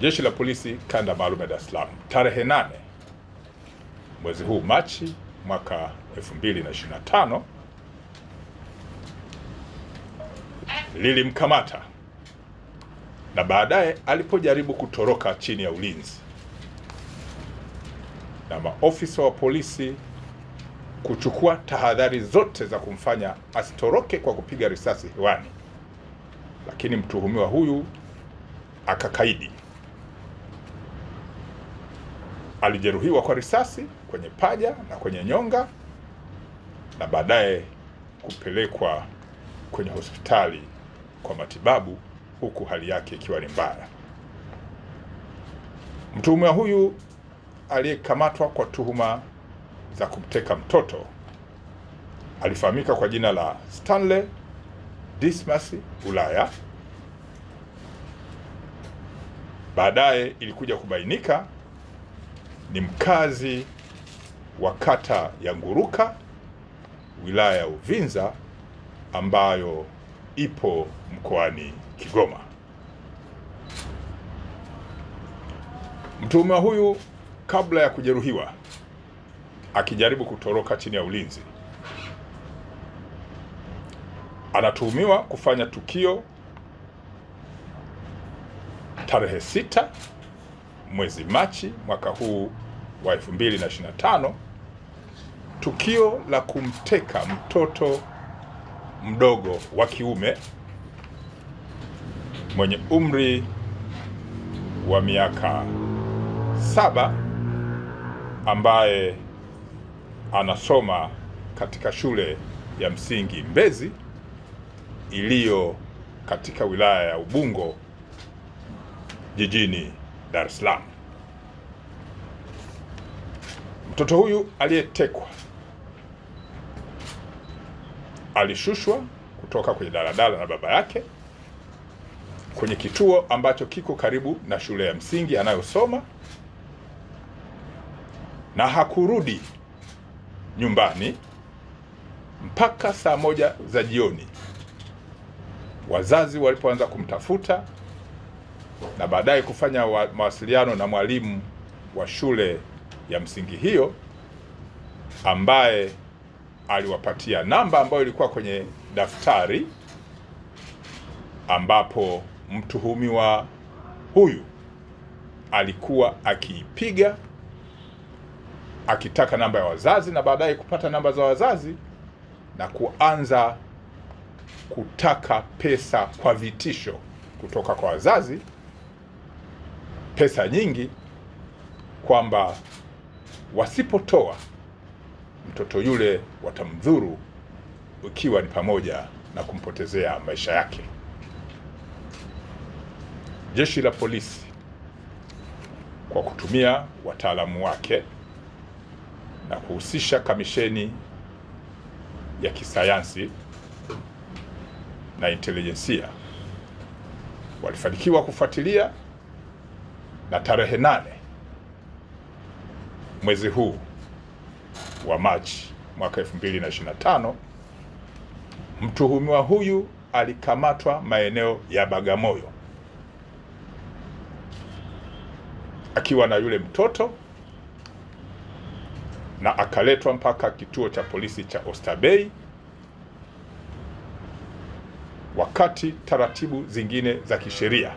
Jeshi la Polisi Kanda Maalum ya Dar es Salaam tarehe 8 mwezi huu Machi mwaka 2025 lilimkamata na baadaye alipojaribu kutoroka chini ya ulinzi na maofisa wa polisi kuchukua tahadhari zote za kumfanya asitoroke kwa kupiga risasi hewani, lakini mtuhumiwa huyu akakaidi alijeruhiwa kwa risasi kwenye paja na kwenye nyonga na baadaye kupelekwa kwenye hospitali kwa matibabu huku hali yake ikiwa ni mbaya. Mtuhumiwa huyu aliyekamatwa kwa tuhuma za kumteka mtoto alifahamika kwa jina la Stanley Dismas Ulaya. Baadaye ilikuja kubainika ni mkazi wa kata ya Nguruka wilaya ya Uvinza ambayo ipo mkoani Kigoma. Mtuhumiwa huyu kabla ya kujeruhiwa akijaribu kutoroka chini ya ulinzi, anatuhumiwa kufanya tukio tarehe sita mwezi Machi mwaka huu wa 2025 tukio la kumteka mtoto mdogo wa kiume mwenye umri wa miaka saba ambaye anasoma katika shule ya msingi Mbezi iliyo katika wilaya ya Ubungo jijini Dar es Salaam. Mtoto huyu aliyetekwa alishushwa kutoka kwenye daladala na baba yake kwenye kituo ambacho kiko karibu na shule ya msingi anayosoma na hakurudi nyumbani mpaka saa moja za jioni, wazazi walipoanza kumtafuta na baadaye kufanya wa, mawasiliano na mwalimu wa shule ya msingi hiyo ambaye aliwapatia namba ambayo ilikuwa kwenye daftari ambapo mtuhumiwa huyu alikuwa akiipiga akitaka namba ya wazazi na baadaye kupata namba za wazazi na kuanza kutaka pesa kwa vitisho kutoka kwa wazazi pesa nyingi, kwamba wasipotoa mtoto yule watamdhuru, ikiwa ni pamoja na kumpotezea maisha yake. Jeshi la Polisi kwa kutumia wataalamu wake na kuhusisha kamisheni ya kisayansi na intelijensia walifanikiwa kufuatilia na tarehe nane mwezi huu wa Machi mwaka 2025 mtuhumiwa huyu alikamatwa maeneo ya Bagamoyo akiwa na yule mtoto na akaletwa mpaka kituo cha polisi cha Oysterbay, wakati taratibu zingine za kisheria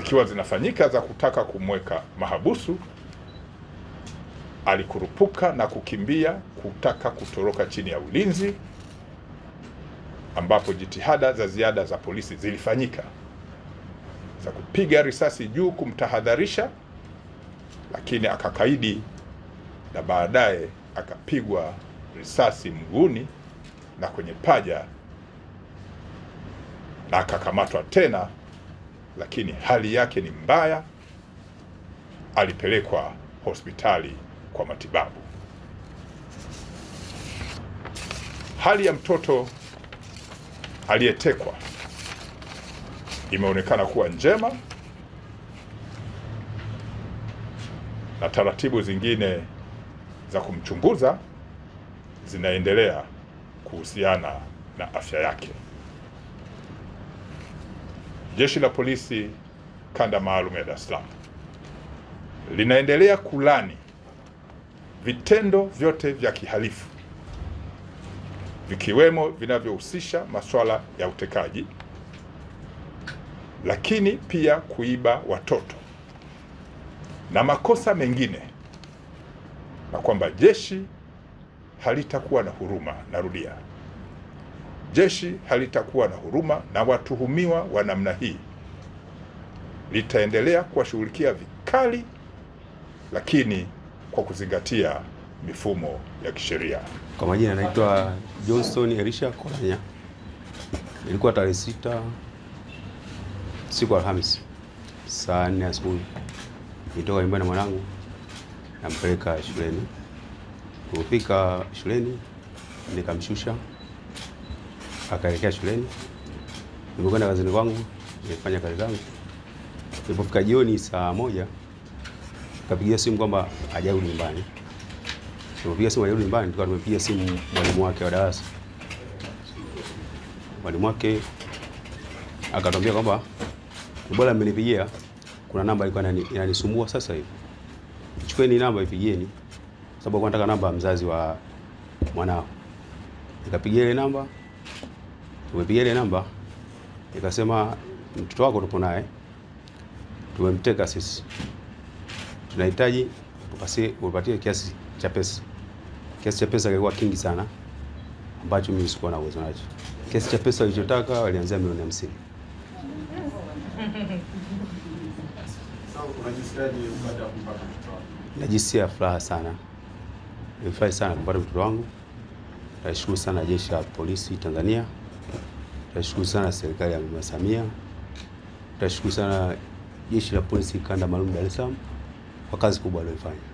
zikiwa zinafanyika za kutaka kumweka mahabusu, alikurupuka na kukimbia kutaka kutoroka chini ya ulinzi, ambapo jitihada za ziada za polisi zilifanyika za kupiga risasi juu kumtahadharisha, lakini akakaidi na baadaye akapigwa risasi mguuni na kwenye paja na akakamatwa tena lakini hali yake ni mbaya, alipelekwa hospitali kwa matibabu. Hali ya mtoto aliyetekwa imeonekana kuwa njema na taratibu zingine za kumchunguza zinaendelea kuhusiana na afya yake. Jeshi la Polisi kanda maalum ya Dar es Salaam linaendelea kulani vitendo vyote vya kihalifu vikiwemo vinavyohusisha masuala ya utekaji, lakini pia kuiba watoto na makosa mengine, na kwamba jeshi halitakuwa na huruma. Narudia. Jeshi halitakuwa na huruma na watuhumiwa wa namna hii, litaendelea kuwashughulikia vikali, lakini kwa kuzingatia mifumo ya kisheria. Kwa majina anaitwa Johnson Elisha Kolanya. Ilikuwa tarehe sita siku Alhamisi saa nne asubuhi nitoka nyumbani na mwanangu nampeleka shuleni. Kufika shuleni nikamshusha akaelekea shuleni. Nilikwenda kazini kwangu, nilifanya kazi zangu. Nilipofika jioni saa moja kapigia simu kwamba hajarudi nyumbani. Nilipopiga simu hajarudi nyumbani, tukawa tumepiga simu mwalimu wake wa darasa. Mwalimu wake akatwambia kwamba bora mmenipigia, kuna namba ilikuwa inanisumbua sasa hivi, chukueni namba ipigieni, sababu nataka namba mzazi wa mwanao. Nikapigia ile namba Tumepiga ile namba ikasema, mtoto wako tupo naye, tumemteka sisi, tunahitaji upatie kiasi cha pesa. Kiasi cha pesa kilikuwa kingi sana, ambacho mimi sikuwa na uwezo nacho. Kiasi cha pesa walichotaka walianzia milioni hamsini. Najisikia furaha sana, nimefurahi sana kupata mtoto wangu. Nashukuru sana Jeshi la Polisi Tanzania. Tashukuru sana serikali ya Mama Samia, tashukuru sana jeshi la polisi kanda maalum Dar es Salaam kwa kazi kubwa walioifanya.